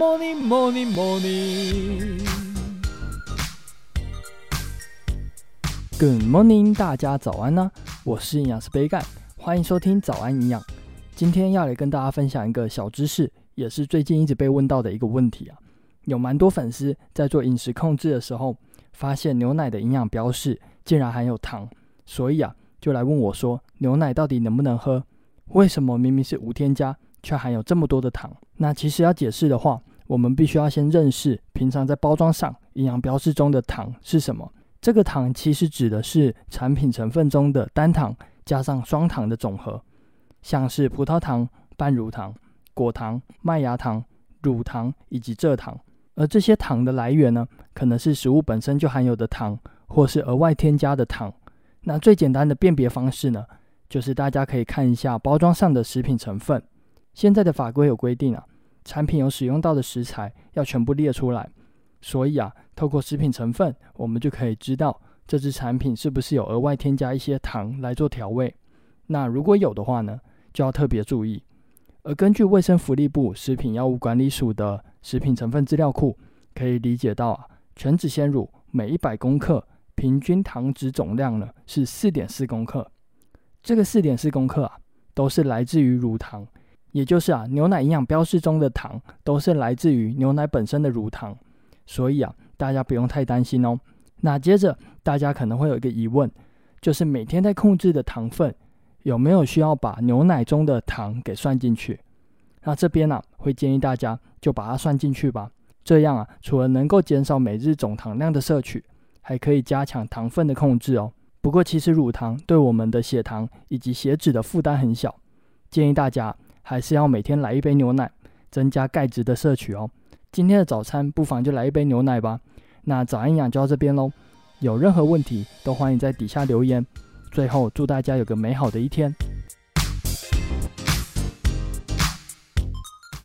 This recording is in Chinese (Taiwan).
Morning, morning, morning. Good morning, 大家早安呢、啊！我是營養師杯蓋，歡迎收聽早安營養。今天要來跟大家分享一個小知識，也是最近一直被問到的一個問題啊。有蠻多粉絲在做飲食控制的時候，發現牛奶的營養標示竟然含有糖，所以啊，就來問我說：牛奶到底能不能喝？為什麼明明是無添加，卻含有這麼多的糖？那其實要解釋的話，我們必須要先認識平常在包裝上營養標示中的糖是什麼。這個糖其實指的是產品成分中的單糖加上雙糖的總和，像是葡萄糖、半乳糖、果糖、麥芽糖、乳糖以及蔗糖。而這些糖的來源呢，可能是食物本身就含有的糖，或是額外添加的糖。那最簡單的辨別方式呢，就是大家可以看一下包裝上的食品成分。現在的法規有規定啊。產品有使用到的食材要全部列出來，所以啊，透過食品成分，我們就可以知道這支產品是不是有額外添加一些糖來做調味。那如果有的話呢，就要特別注意。而根據衛生福利部食品藥物管理署的食品成分資料庫，可以理解到啊，全脂鮮乳每一百公克平均糖質總量呢是四點四公克。這個四點四公克啊，都是來自於乳糖。也就是啊，牛奶營養標示中的糖都是來自於牛奶本身的乳糖，所以啊，大家不用太擔心哦。那接着大家可能會有一個疑問，就是每天在控制的糖分有沒有需要把牛奶中的糖給算進去？那這邊呢，啊，會建議大家就把它算進去吧。這樣啊，除了能夠減少每日總糖量的攝取，還可以加強糖分的控制哦。不過其實乳糖對我們的血糖以及血脂的負擔很小，建議大家，還是要每天來一杯牛奶，增加鈣質的攝取哦。今天的早餐不妨就來一杯牛奶吧。那早安營養就到這邊嘍，有任何問題都歡迎在底下留言。最後祝大家有個美好的一天。